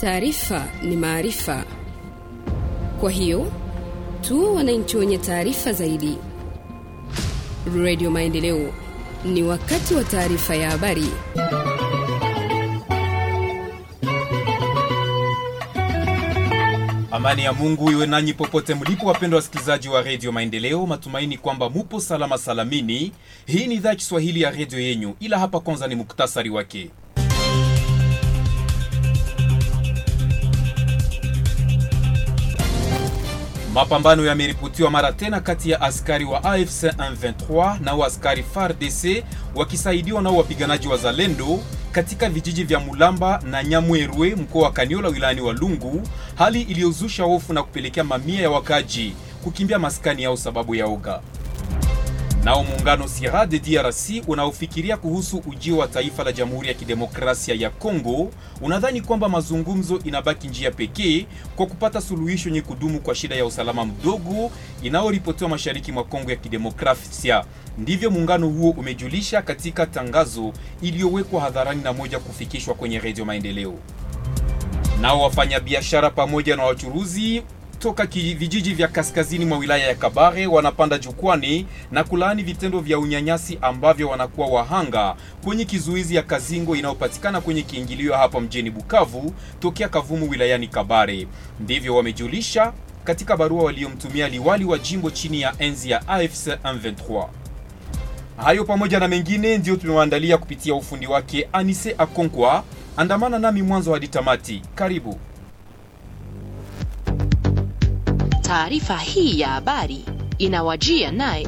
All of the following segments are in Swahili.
Taarifa ni maarifa, kwa hiyo tuwe wananchi wenye taarifa zaidi. Redio Maendeleo, ni wakati wa taarifa ya habari. Amani ya Mungu iwe nanyi popote mlipo, wapendwa wasikilizaji wa Redio Maendeleo. Matumaini kwamba mupo salama salamini. Hii ni idhaa ya Kiswahili ya redio yenyu, ila hapa kwanza ni muktasari wake. Mapambano yameripotiwa mara tena kati ya askari wa AFC M23 na askari FARDC wakisaidiwa na wapiganaji wa Zalendo katika vijiji vya Mulamba na Nyamwerwe mkoa wa Kaniola wilayani Walungu, hali iliyozusha hofu na kupelekea mamia ya wakaji kukimbia maskani yao sababu ya oga. Nao muungano Sira de DRC unaofikiria kuhusu ujio wa taifa la Jamhuri ya Kidemokrasia ya Kongo unadhani kwamba mazungumzo inabaki njia pekee kwa kupata suluhisho yenye kudumu kwa shida ya usalama mdogo inayoripotiwa mashariki mwa Kongo ya Kidemokrasia. Ndivyo muungano huo umejulisha katika tangazo iliyowekwa hadharani na moja kufikishwa kwenye Redio Maendeleo. Nao wafanyabiashara pamoja na wachuruzi kutoka vijiji vya kaskazini mwa wilaya ya Kabare wanapanda jukwani na kulaani vitendo vya unyanyasi ambavyo wanakuwa wahanga kwenye kizuizi ya Kazingo inayopatikana kwenye kiingilio hapa mjini Bukavu tokea Kavumu wilayani Kabare. Ndivyo wamejulisha katika barua waliyomtumia liwali wa jimbo chini ya enzi ya AFC M23. Hayo pamoja na mengine ndiyo tumewaandalia kupitia ufundi wake Anise Akonkwa. Andamana nami mwanzo hadi tamati. Karibu. Taarifa hii ya habari inawajia naye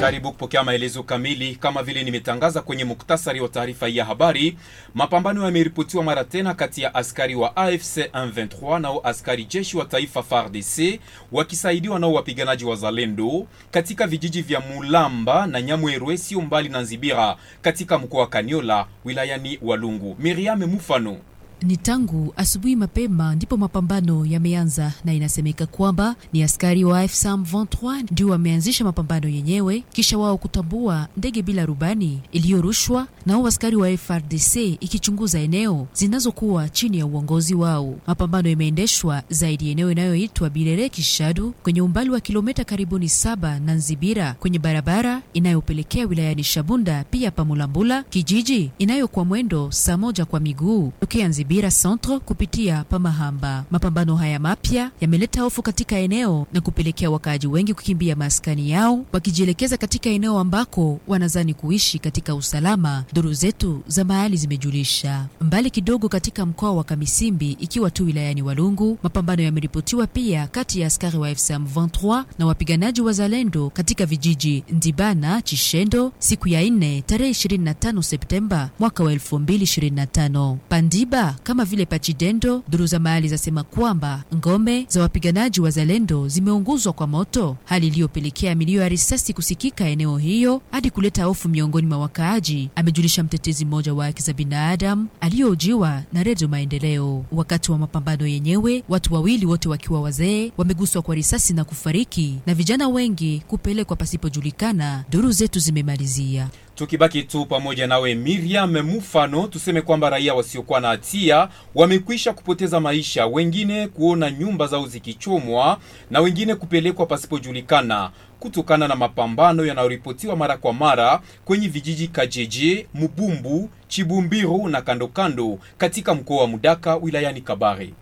karibu kupokea maelezo kamili. Kama vile nimetangaza kwenye muktasari wa taarifa hii ya habari, mapambano yameripotiwa mara tena kati ya askari wa AFC 23 nao askari jeshi wa taifa FARDC wakisaidiwa nao wapiganaji wa Zalendo katika vijiji vya Mulamba na nyamwerwe sio mbali na Nzibira katika mkoa wa Kaniola wilayani Walungu. miriame Mufano ni tangu asubuhi mapema ndipo mapambano yameanza, na inasemeka kwamba ni askari wa AFSM 23 ndio wameanzisha mapambano yenyewe kisha wao kutambua ndege bila rubani iliyorushwa nao askari wa FRDC ikichunguza eneo zinazokuwa chini ya uongozi wao. Mapambano yameendeshwa zaidi ya eneo inayoitwa Birere Kishadu kwenye umbali wa kilomita karibuni saba na Nzibira kwenye barabara inayopelekea wilayani Shabunda pia Pamulambula kijiji inayokuwa mwendo saa moja kwa miguu tokea Nzibira Kibira Centre kupitia Pamahamba. Mapambano haya mapya yameleta hofu katika eneo na kupelekea wakaaji wengi kukimbia maskani yao wakijielekeza katika eneo ambako wanazani kuishi katika usalama, duru zetu za mahali zimejulisha. Mbali kidogo katika mkoa wa Kamisimbi, ikiwa tu wilayani Walungu, mapambano yameripotiwa pia kati ya askari wa FSM 23 na wapiganaji wa Zalendo katika vijiji Ndibana, Chishendo siku ya 4 tarehe 25 Septemba mwaka wa 2025. Pandiba kama vile Pachidendo. Duru za mahali zasema kwamba ngome za wapiganaji wa zalendo zimeunguzwa kwa moto, hali iliyopelekea milio ya risasi kusikika eneo hiyo hadi kuleta hofu miongoni mwa wakaaji, amejulisha mtetezi mmoja wa haki za binadamu aliyohojiwa na Redio Maendeleo. Wakati wa mapambano yenyewe, watu wawili wote wakiwa wazee wameguswa kwa risasi na kufariki na vijana wengi kupelekwa pasipojulikana, duru zetu zimemalizia. Tukibaki tu pamoja nawe Miriam Mufano, tuseme kwamba raia wasiokuwa na hatia wamekwisha kupoteza maisha, wengine kuona nyumba zao zikichomwa na wengine kupelekwa pasipojulikana kutokana na mapambano yanayoripotiwa mara kwa mara kwenye vijiji Kajeje, Mubumbu, Chibumbiru na kandokando katika mkoa wa Mudaka wilayani Kabare.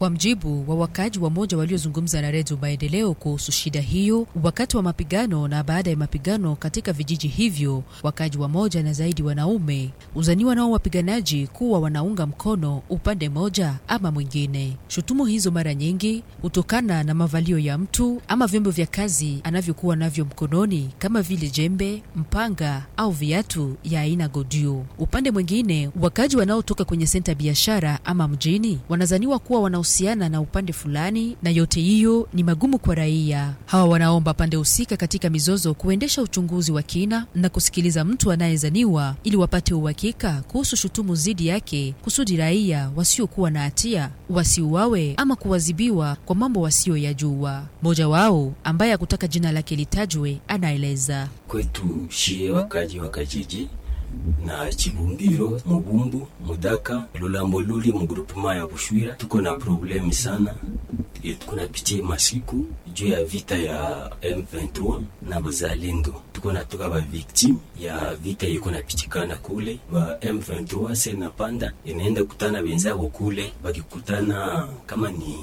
Kwa mjibu wa wakaaji wa moja waliozungumza na Redio Maendeleo kuhusu shida hiyo wakati wa mapigano na baada ya mapigano katika vijiji hivyo, wakaaji wa moja na zaidi wanaume uzaniwa nao wapiganaji kuwa wanaunga mkono upande moja ama mwingine. Shutumu hizo mara nyingi hutokana na mavalio ya mtu ama vyombo vya kazi anavyokuwa navyo mkononi kama vile jembe, mpanga au viatu ya aina godio. Upande mwingine, wakaaji wanaotoka kwenye senta biashara ama mjini wanazaniwa kuwa wana kuhusiana na upande fulani, na yote hiyo ni magumu kwa raia. Hawa wanaomba pande husika katika mizozo kuendesha uchunguzi wa kina na kusikiliza mtu anayezaniwa ili wapate uhakika kuhusu shutumu dhidi yake, kusudi raia wasiokuwa na hatia wasiuawe ama kuwazibiwa kwa mambo wasiyoyajua. Mmoja wao ambaye hakutaka jina lake litajwe anaeleza: kwetu shie wakaji wa kijiji na Chibumbiro, Mubumbu, Mudaka, Lulambo Luli mugrupema ya Bushwira. Tuko na problemi sana, tukunapitia masiku juu ya vita ya M23 na bazalendo. Tuko natoka ba victime ya vita iko napitikana kule ba M23 sena panda inaenda kutana benzabo kule, bakikutana kama ni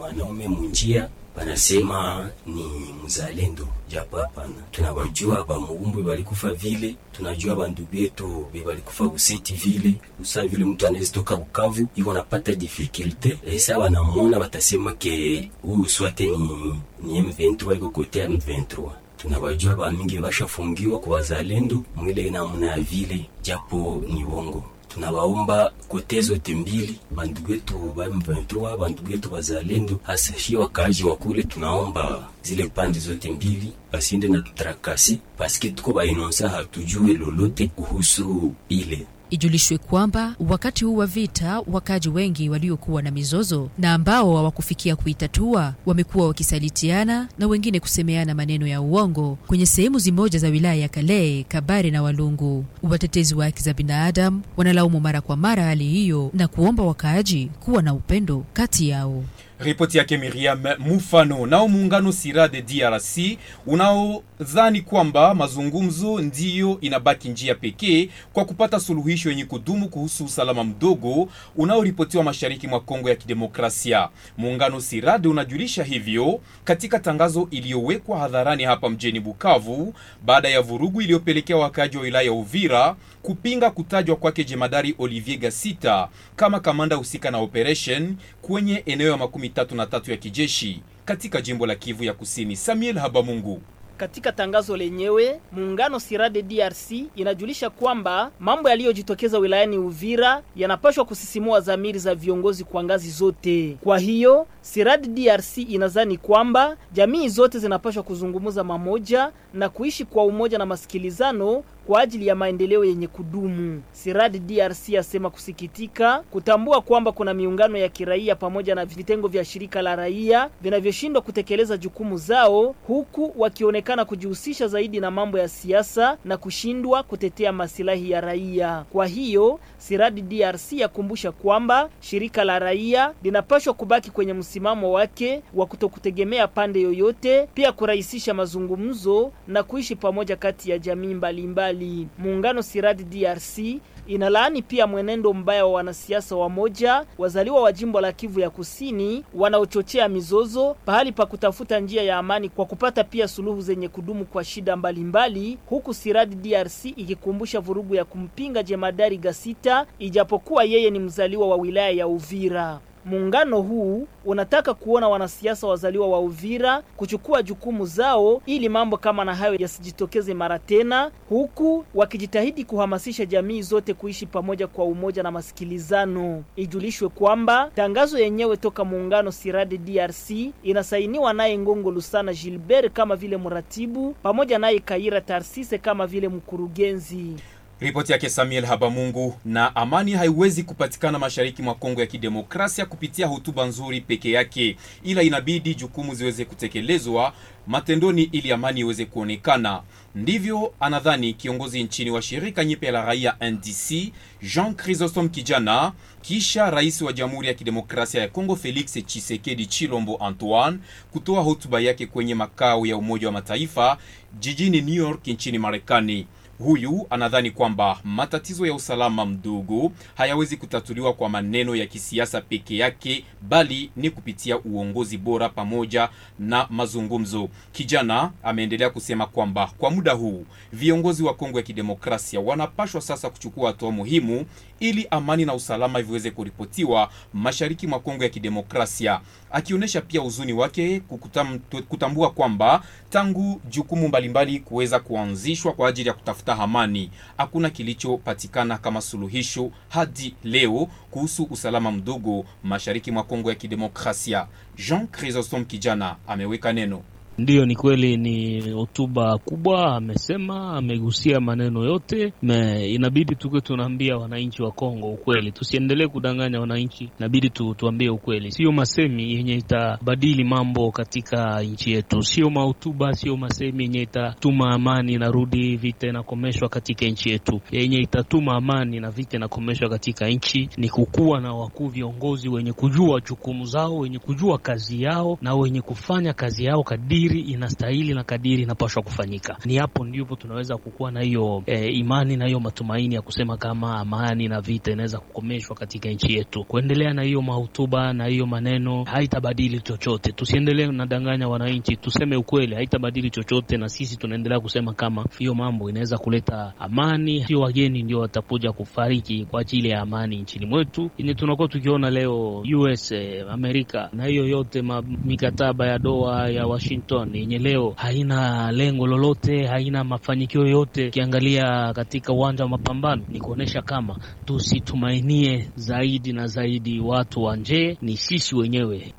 mwanaume munjia wanasema ni mzalendo, japo hapana, tunawajua bamuumbwe balikufa vile, tunajua bandu bietu bebalikufa useti vile usa vile, mtu toka Bukavu iko napata difficulte esa, wanamona batasema ke huyu swate ni, ni M23 iko kote ya M23 tunawajua bamingi bashafungiwa kwa bazalendo mwile namna ya vile, japo ni wongo tunawaomba kote zote mbili, bandugu wetu wa M23, bandugu wetu wazalendo, hasa hiyo wakaaji wa kule, tunaomba zile pande zote mbili basinde na tutrakasi, paske tuko bainonsa, hatujue lolote kuhusu ile Ijulishwe kwamba wakati huu wa vita, wakaji wengi waliokuwa na mizozo na ambao hawakufikia kuitatua wamekuwa wakisalitiana na wengine kusemeana maneno ya uongo kwenye sehemu zimoja za wilaya ya kalee Kabare na Walungu. Watetezi wa haki za binadamu wanalaumu mara kwa mara hali hiyo na kuomba wakaaji kuwa na upendo kati yao. Ripoti yake Miriam Mufano. Nao muungano Sira de DRC unaodhani kwamba mazungumzo ndiyo inabaki njia pekee kwa kupata suluhisho yenye kudumu kuhusu usalama mdogo unaoripotiwa mashariki mwa Kongo ya Kidemokrasia. Muungano Sirade unajulisha hivyo katika tangazo iliyowekwa hadharani hapa mjini Bukavu baada ya vurugu iliyopelekea wakaaji wa wilaya ya Uvira kupinga kutajwa kwake jemadari Olivier Gasita kama kamanda husika na operation kwenye eneo ya makumi tatu na tatu ya kijeshi katika jimbo la Kivu ya Kusini. Samuel Habamungu. Katika tangazo lenyewe muungano Sirade DRC inajulisha kwamba mambo yaliyojitokeza wilayani Uvira yanapashwa kusisimua dhamiri za viongozi kwa ngazi zote. Kwa hiyo Sirade DRC inazani kwamba jamii zote zinapashwa kuzungumza mamoja na kuishi kwa umoja na masikilizano kwa ajili ya maendeleo yenye kudumu. Sirad DRC asema kusikitika kutambua kwamba kuna miungano ya kiraia pamoja na vitengo vya shirika la raia vinavyoshindwa kutekeleza jukumu zao, huku wakionekana kujihusisha zaidi na mambo ya siasa na kushindwa kutetea masilahi ya raia. Kwa hiyo Sirad DRC yakumbusha kwamba shirika la raia linapashwa kubaki kwenye msimamo wake wa kutokutegemea pande yoyote, pia kurahisisha mazungumzo na kuishi pamoja kati ya jamii mbalimbali mbali vikali. Muungano Siradi DRC inalaani pia mwenendo mbaya wa wanasiasa wamoja wazaliwa wa jimbo la Kivu ya Kusini wanaochochea mizozo pahali pa kutafuta njia ya amani kwa kupata pia suluhu zenye kudumu kwa shida mbalimbali mbali, huku Siradi DRC ikikumbusha vurugu ya kumpinga jemadari Gasita ijapokuwa yeye ni mzaliwa wa wilaya ya Uvira. Muungano huu unataka kuona wanasiasa wazaliwa wa Uvira kuchukua jukumu zao ili mambo kama na hayo yasijitokeze mara tena, huku wakijitahidi kuhamasisha jamii zote kuishi pamoja kwa umoja na masikilizano. Ijulishwe kwamba tangazo yenyewe toka muungano Sirade DRC inasainiwa naye Ngongo Lusana Gilbert kama vile mratibu pamoja naye Kaira Tarsise kama vile mkurugenzi. Ripoti yake Samuel Habamungu. Na amani haiwezi kupatikana mashariki mwa Kongo ya Kidemokrasia kupitia hotuba nzuri peke yake, ila inabidi jukumu ziweze kutekelezwa matendoni ili amani iweze kuonekana. Ndivyo anadhani kiongozi nchini wa shirika nyipe la raia NDC Jean Chrysostom Kijana, kisha rais wa Jamhuri ya Kidemokrasia ya Kongo Felix Tshisekedi Chilombo Antoine kutoa hotuba yake kwenye makao ya Umoja wa Mataifa jijini New York nchini Marekani. Huyu anadhani kwamba matatizo ya usalama mdogo hayawezi kutatuliwa kwa maneno ya kisiasa peke yake, bali ni kupitia uongozi bora pamoja na mazungumzo. Kijana ameendelea kusema kwamba kwa muda huu viongozi wa Kongo ya Kidemokrasia wanapashwa sasa kuchukua hatua muhimu ili amani na usalama viweze kuripotiwa mashariki mwa Kongo ya Kidemokrasia akionyesha pia huzuni wake kukutam, kutambua kwamba tangu jukumu mbalimbali kuweza kuanzishwa kwa ajili ya kutafuta amani hakuna kilichopatikana kama suluhisho hadi leo kuhusu usalama mdogo mashariki mwa Kongo ya Kidemokrasia. Jean Chrysostome Kijana ameweka neno Ndiyo, ni kweli, ni hotuba kubwa amesema, amegusia maneno yote me, inabidi tuke tunaambia wananchi wa Kongo ukweli, tusiendelee kudanganya wananchi, inabidi tu, tuambie ukweli, sio masemi yenye itabadili mambo katika nchi yetu, sio mahotuba, sio masemi yenye itatuma amani rudi vita inakomeshwa katika nchi yetu. Yenye itatuma amani na vita inakomeshwa katika nchi ni kukuwa na wakuu viongozi wenye kujua jukumu zao, wenye kujua kazi yao na wenye kufanya kazi yao kadiri kadiri inastahili na kadiri inapaswa kufanyika. Ni hapo ndipo tunaweza kukuwa na hiyo e, imani na hiyo matumaini ya kusema kama amani na vita inaweza kukomeshwa katika nchi yetu. Kuendelea na hiyo mahutuba na hiyo maneno haitabadili chochote. Tusiendelee nadanganya wananchi, tuseme ukweli, haitabadili chochote, na sisi tunaendelea kusema kama hiyo mambo inaweza kuleta amani. Sio wageni ndio watakuja kufariki kwa ajili ya amani nchini mwetu, yenye tunakuwa tukiona leo US eh, Amerika na hiyo yote ma, mikataba ya Doha ya Washington Everton yenye leo haina lengo lolote, haina mafanikio yoyote. Ukiangalia katika uwanja wa mapambano, ni kuonyesha kama tusitumainie zaidi na zaidi watu wa nje, ni sisi wenyewe.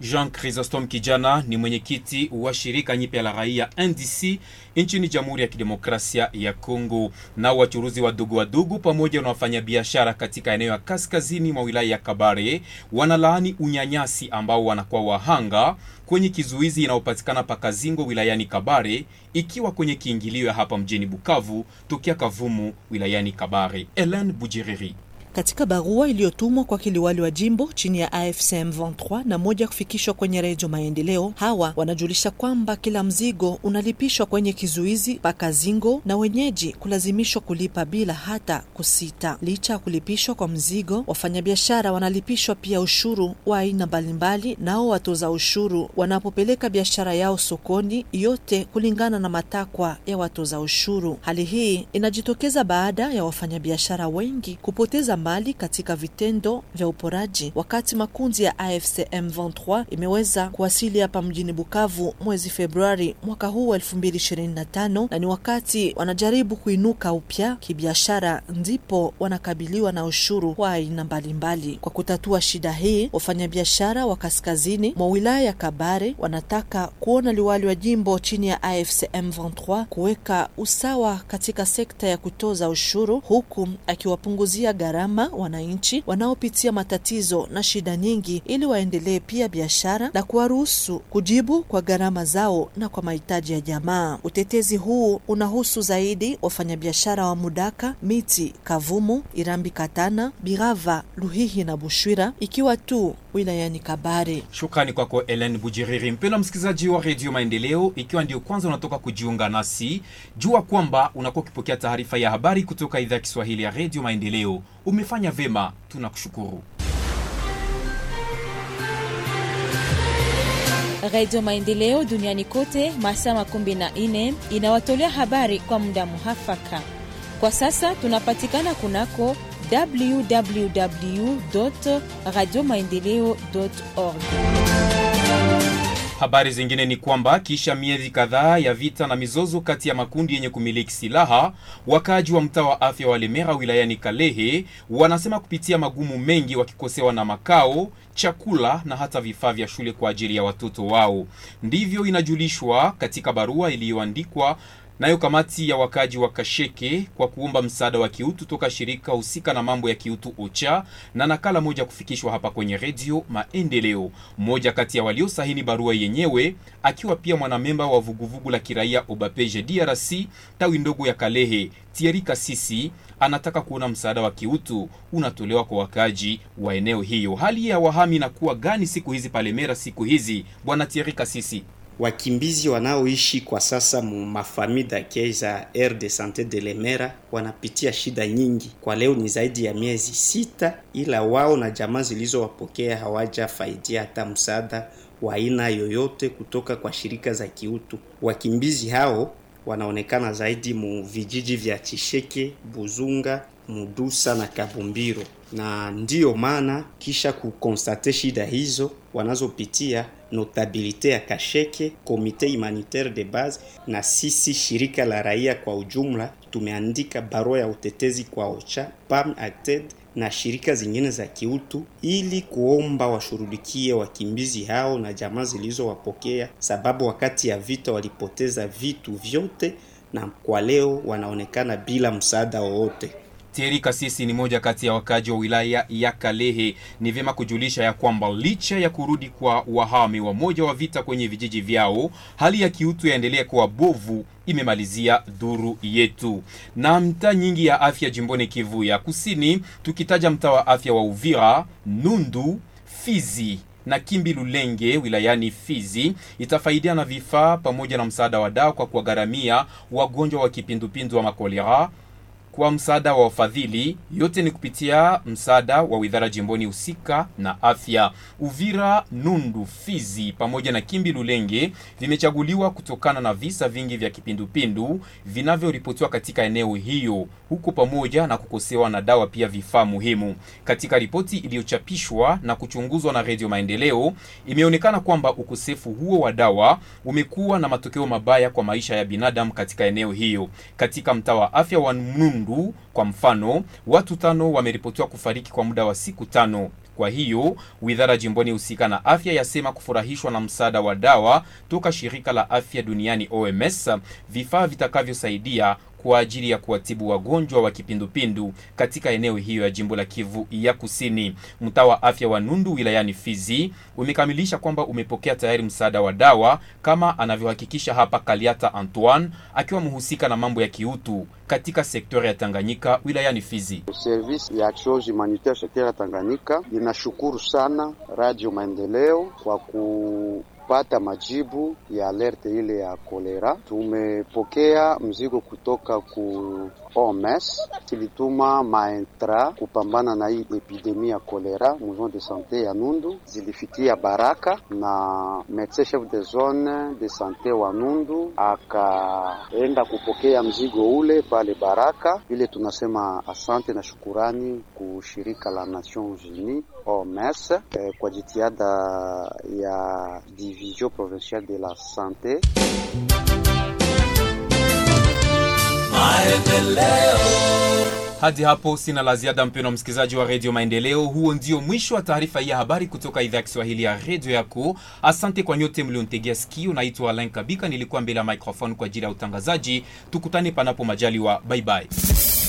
Jean Chrysostom Kijana ni mwenyekiti wa shirika nyipya la raia NDC nchini Jamhuri ya Kidemokrasia ya Kongo. Nao wachuruzi wadogo wadogo pamoja na wafanyabiashara katika eneo ya kaskazini mwa wilaya ya Kabare wanalaani unyanyasi ambao wanakuwa wahanga kwenye kizuizi inayopatikana Pakazingo wilayani Kabare, ikiwa kwenye kiingilio hapa mjini Bukavu, tokea Kavumu wilayani Kabare. Ellen Bujiriri. Katika barua iliyotumwa kwa kiliwali wa jimbo chini ya AFCM 23 na moja kufikishwa kwenye Redio Maendeleo, hawa wanajulisha kwamba kila mzigo unalipishwa kwenye kizuizi zingo na wenyeji kulazimishwa kulipa bila hata kusita. Licha ya kulipishwa kwa mzigo, wafanyabiashara wanalipishwa pia ushuru wa aina mbalimbali, nao watoza ushuru wanapopeleka biashara yao sokoni, yote kulingana na matakwa ya watoza ushuru. Hali hii inajitokeza baada ya wafanyabiashara wengi kupoteza mbali katika vitendo vya uporaji, wakati makundi ya AFC M23 imeweza kuwasili hapa mjini Bukavu mwezi Februari mwaka huu wa 2025 na ni wakati wanajaribu kuinuka upya kibiashara, ndipo wanakabiliwa na ushuru wa aina mbalimbali. Kwa kutatua shida hii, wafanyabiashara wa kaskazini mwa wilaya ya Kabare wanataka kuona liwali wa jimbo chini ya AFC M23 kuweka usawa katika sekta ya kutoza ushuru, huku akiwapunguzia gharama kama wananchi wanaopitia matatizo na shida nyingi, ili waendelee pia biashara na kuwaruhusu kujibu kwa gharama zao na kwa mahitaji ya jamaa. Utetezi huu unahusu zaidi wafanyabiashara wa Mudaka, Miti, Kavumu, Irambi, Katana, Birava, Luhihi na Bushwira, ikiwa tu wilayani Kabare. Shukrani kwako Ellen Bujiriri. Mpendwa msikilizaji wa redio Maendeleo, ikiwa ndio kwanza unatoka kujiunga nasi, jua kwamba unakuwa ukipokea taarifa ya habari kutoka idhaa ya Kiswahili ya redio Maendeleo. Umefanya vema, tunakushukuru. Redio Maendeleo duniani kote masaa makumi na nne inawatolea habari kwa muda muhafaka. Kwa sasa tunapatikana kunako org Habari zingine ni kwamba kisha miezi kadhaa ya vita na mizozo kati ya makundi yenye kumiliki silaha, wakaaji wa mtaa wa afya wa Lemera wilayani Kalehe wanasema kupitia magumu mengi, wakikosewa na makao, chakula na hata vifaa vya shule kwa ajili ya watoto wao. Ndivyo inajulishwa katika barua iliyoandikwa Nayo kamati ya wakaaji wa Kasheke kwa kuomba msaada wa kiutu toka shirika husika na mambo ya kiutu OCHA na nakala moja kufikishwa hapa kwenye redio Maendeleo. Mmoja kati ya waliosahini barua yenyewe akiwa pia mwanamemba wa vuguvugu la kiraia Obapeje DRC tawi ndogo ya Kalehe, Thierry Kasisi anataka kuona msaada wa kiutu unatolewa kwa wakaaji wa eneo hiyo. Hali ya wahami inakuwa gani siku hizi Palemera, siku hizi bwana Thierry Kasisi? wakimbizi wanaoishi kwa sasa mu mafamida dakei za aire de sante de Lemera wanapitia shida nyingi. Kwa leo ni zaidi ya miezi sita, ila wao na jamaa zilizowapokea hawajafaidia hata msaada wa aina yoyote kutoka kwa shirika za kiutu. Wakimbizi hao wanaonekana zaidi mu vijiji vya Chisheke, Buzunga, Mudusa na Kabumbiro, na ndiyo maana kisha kukonstate shida hizo wanazopitia notabilite ya Kasheke, komite humanitaire de base, na sisi shirika la raia kwa ujumla, tumeandika barua ya utetezi kwa OCHA, PAM, ACTED na shirika zingine za kiutu ili kuomba washurudikie wakimbizi hao na jamaa zilizowapokea, sababu wakati ya vita walipoteza vitu vyote na kwa leo wanaonekana bila msaada wowote. Teri Kasisi ni moja kati ya wakaji wa wilaya ya Kalehe. Ni vyema kujulisha ya kwamba licha ya kurudi kwa wahami wa moja wa vita kwenye vijiji vyao, hali ya kiutu yaendelea kuwa bovu, imemalizia dhuru yetu. Na mtaa nyingi ya afya jimboni Kivu ya Kusini, tukitaja mtaa wa afya wa Uvira, Nundu, Fizi na Kimbi Lulenge wilayani Fizi itafaidia na vifaa pamoja na msaada wa dawa kwa kuwagharamia wagonjwa wa kipindupindu wa makolera kwa msaada wa wafadhili, yote ni kupitia msaada wa wizara jimboni husika na afya. Uvira, Nundu, Fizi pamoja na Kimbi Lulenge vimechaguliwa kutokana na visa vingi vya kipindupindu vinavyoripotiwa katika eneo hiyo, huku pamoja na kukosewa na dawa pia vifaa muhimu. Katika ripoti iliyochapishwa na kuchunguzwa na Redio Maendeleo, imeonekana kwamba ukosefu huo wa dawa umekuwa na matokeo mabaya kwa maisha ya binadamu katika eneo hiyo. Katika mtaa wa afya wa Nundu Kindu kwa mfano, watu tano wameripotiwa kufariki kwa muda wa siku tano. Kwa hiyo wizara jimboni husika na afya yasema kufurahishwa na msaada wa dawa toka shirika la afya duniani OMS, vifaa vitakavyosaidia kwa ajili ya kuwatibu wagonjwa wa kipindupindu katika eneo hiyo ya jimbo la Kivu ya Kusini. Mtaa wa afya wa Nundu wilayani Fizi umekamilisha kwamba umepokea tayari msaada wa dawa, kama anavyohakikisha hapa Kaliata Antoine akiwa mhusika na mambo ya kiutu katika sektori ya Tanganyika wilayani Fizi. Service ya action humanitaire sektori ya Tanganyika inashukuru sana Radio Maendeleo kwa ku kupata majibu ya alerte ile ya kolera. Tumepokea mzigo kutoka ku OMS, kilituma maentra kupambana na hii epidemia ya kolera. Mouvement de sante ya Nundu zilifikia Baraka na medecin chef de zone de sante wa Nundu akaenda kupokea mzigo ule pale Baraka. ile tunasema asante na shukurani kushirika la Nations Unies OMS euh, kwa jitihada ya Division Provincial de la Santé. Hadi hapo sina la ziada, mpeno msikilizaji wa redio Maendeleo. Huo ndio mwisho wa taarifa hii ya habari kutoka idhaa ya Kiswahili ya redio yako. Asante kwa nyote mlionitegea sikio. Naitwa Alain Kabika, nilikuwa mbele ya microphone kwa ajili ya utangazaji. Tukutane panapo majaliwa, bye.